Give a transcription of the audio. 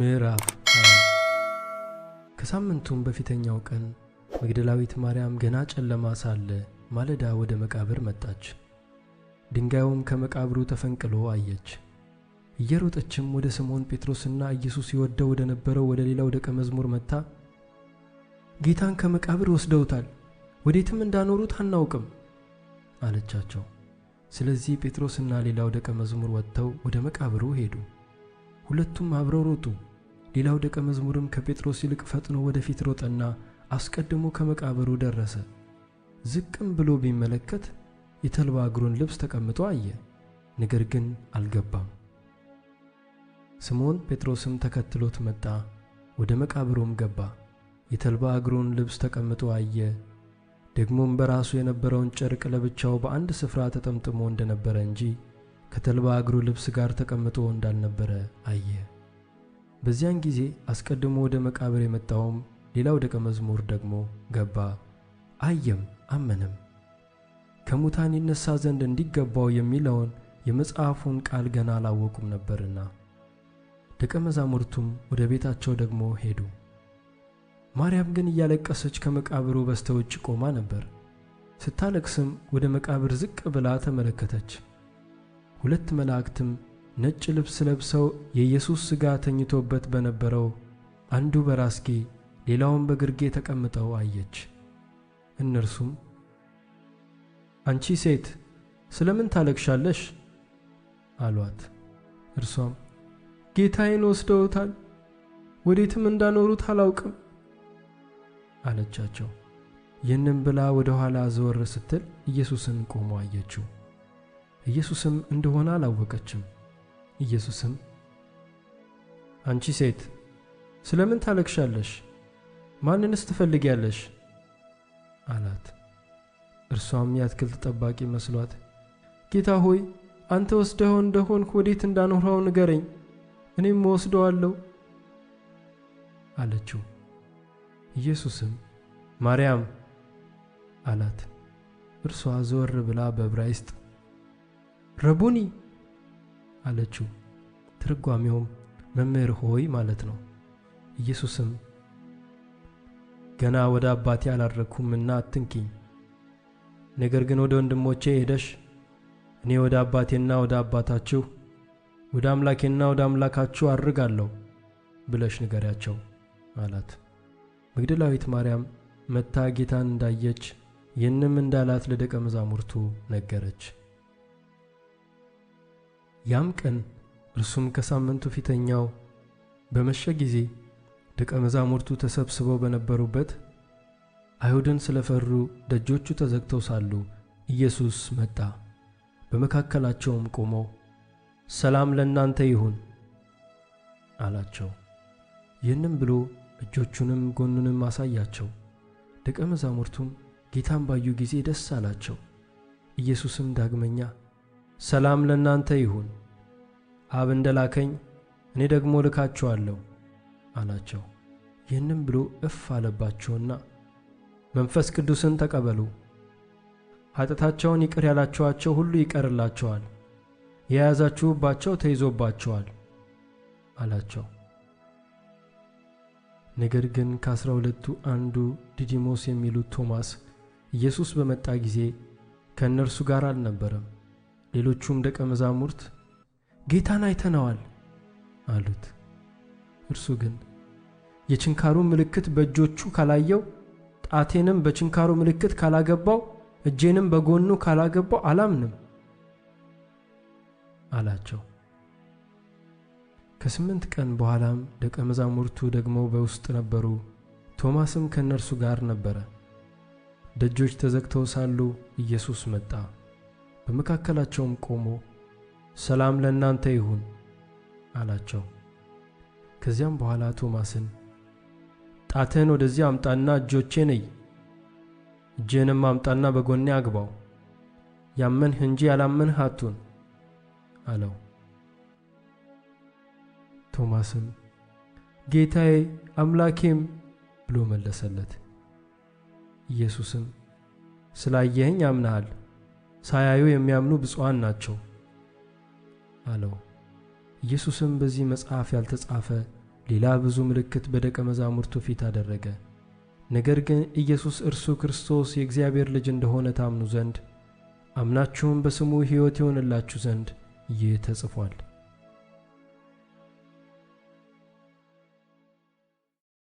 ምዕራፍ ከሳምንቱም በፊተኛው ቀን መግደላዊት ማርያም ገና ጨለማ ሳለ ማለዳ ወደ መቃብር መጣች። ድንጋዩም ከመቃብሩ ተፈንቅሎ አየች። እየሮጠችም ወደ ስምዖን ጴጥሮስና ኢየሱስ ይወደው ወደ ነበረው ወደ ሌላው ደቀ መዝሙር መጥታ ጌታን ከመቃብር ወስደውታል፣ ወዴትም እንዳኖሩት አናውቅም አለቻቸው። ስለዚህ ጴጥሮስና ሌላው ደቀ መዝሙር ወጥተው ወደ መቃብሩ ሄዱ። ሁለቱም አብረው ሮጡ። ሌላው ደቀ መዝሙርም ከጴጥሮስ ይልቅ ፈጥኖ ወደፊት ሮጠና አስቀድሞ ከመቃብሩ ደረሰ። ዝቅም ብሎ ቢመለከት የተልባ እግሩን ልብስ ተቀምጦ አየ፣ ነገር ግን አልገባም። ስምዖን ጴጥሮስም ተከትሎት መጣ፣ ወደ መቃብሩም ገባ። የተልባ እግሩን ልብስ ተቀምጦ አየ፣ ደግሞም በራሱ የነበረውን ጨርቅ ለብቻው በአንድ ስፍራ ተጠምጥሞ እንደነበረ እንጂ ከተልባ እግሩ ልብስ ጋር ተቀምጦ እንዳልነበረ አየ። በዚያን ጊዜ አስቀድሞ ወደ መቃብር የመጣውም ሌላው ደቀ መዝሙር ደግሞ ገባ፣ አየም አመነም። ከሙታን ይነሳ ዘንድ እንዲገባው የሚለውን የመጽሐፉን ቃል ገና አላወቁም ነበርና። ደቀ መዛሙርቱም ወደ ቤታቸው ደግሞ ሄዱ። ማርያም ግን እያለቀሰች ከመቃብሩ በስተውጭ ቆማ ነበር። ስታለቅስም ወደ መቃብር ዝቅ ብላ ተመለከተች። ሁለት መላእክትም ነጭ ልብስ ለብሰው የኢየሱስ ሥጋ ተኝቶበት በነበረው አንዱ በራስጌ ሌላውም በግርጌ ተቀምጠው አየች። እነርሱም አንቺ ሴት ስለምን ታለቅሻለሽ? አሏት። እርሷም ጌታዬን ወስደውታል፣ ወዴትም እንዳኖሩት አላውቅም አለቻቸው። ይህንም ብላ ወደ ኋላ ዘወር ስትል ኢየሱስን ቆሞ አየችው። ኢየሱስም እንደሆነ አላወቀችም። ኢየሱስም አንቺ ሴት ስለምን ታለቅሻለሽ? ማንንስ ትፈልጊያለሽ? አላት። እርሷም የአትክልት ጠባቂ መስሏት ጌታ ሆይ አንተ ወስደኸው እንደሆንክ ወዴት እንዳኖረው ንገረኝ፣ እኔም ወስደዋለሁ አለችው። ኢየሱስም ማርያም አላት። እርሷ ዘወር ብላ በዕብራይስጥ ረቡኒ አለችው። ትርጓሜውም መምህር ሆይ ማለት ነው። ኢየሱስም ገና ወደ አባቴ አላረግሁምና አትንኪኝ፣ ነገር ግን ወደ ወንድሞቼ ሄደሽ እኔ ወደ አባቴና ወደ አባታችሁ ወደ አምላኬና ወደ አምላካችሁ አድርጋለሁ ብለሽ ንገሪያቸው አላት። መግደላዊት ማርያም መታ ጌታን እንዳየች ይህንም እንዳላት ለደቀ መዛሙርቱ ነገረች። ያም ቀን እርሱም ከሳምንቱ ፊተኛው በመሸ ጊዜ ደቀ መዛሙርቱ ተሰብስበው በነበሩበት አይሁድን ስለ ፈሩ ደጆቹ ተዘግተው ሳሉ ኢየሱስ መጣ፣ በመካከላቸውም ቆሞ ሰላም ለእናንተ ይሁን አላቸው። ይህንም ብሎ እጆቹንም ጎኑንም አሳያቸው። ደቀ መዛሙርቱም ጌታን ባዩ ጊዜ ደስ አላቸው። ኢየሱስም ዳግመኛ ሰላም ለእናንተ ይሁን፣ አብ እንደላከኝ እኔ ደግሞ ልካችኋለሁ አላቸው። ይህንም ብሎ እፍ አለባቸውና መንፈስ ቅዱስን ተቀበሉ። ኃጢአታቸውን ይቅር ያላችኋቸው ሁሉ ይቀርላቸዋል፣ የያዛችሁባቸው ተይዞባቸዋል አላቸው። ነገር ግን ከአስራ ሁለቱ አንዱ ዲዲሞስ የሚሉት ቶማስ ኢየሱስ በመጣ ጊዜ ከእነርሱ ጋር አልነበረም። ሌሎቹም ደቀ መዛሙርት ጌታን አይተነዋል አሉት። እርሱ ግን የችንካሩ ምልክት በእጆቹ ካላየው፣ ጣቴንም በችንካሩ ምልክት ካላገባው፣ እጄንም በጎኑ ካላገባው አላምንም አላቸው። ከስምንት ቀን በኋላም ደቀ መዛሙርቱ ደግሞ በውስጥ ነበሩ፣ ቶማስም ከእነርሱ ጋር ነበረ። ደጆች ተዘግተው ሳሉ ኢየሱስ መጣ። በመካከላቸውም ቆሞ ሰላም ለእናንተ ይሁን አላቸው። ከዚያም በኋላ ቶማስን ጣትህን ወደዚህ አምጣና እጆቼ ነይ፣ እጅህንም አምጣና በጎኔ አግባው፣ ያመንህ እንጂ ያላመንህ አቱን አለው። ቶማስም ጌታዬ አምላኬም ብሎ መለሰለት። ኢየሱስም ስላየኸኝ አምነሃል ሳያዩ የሚያምኑ ብፁዓን ናቸው አለው። ኢየሱስም በዚህ መጽሐፍ ያልተጻፈ ሌላ ብዙ ምልክት በደቀ መዛሙርቱ ፊት አደረገ። ነገር ግን ኢየሱስ እርሱ ክርስቶስ የእግዚአብሔር ልጅ እንደሆነ ታምኑ ዘንድ አምናችሁም በስሙ ሕይወት ይሆንላችሁ ዘንድ ይህ ተጽፏል።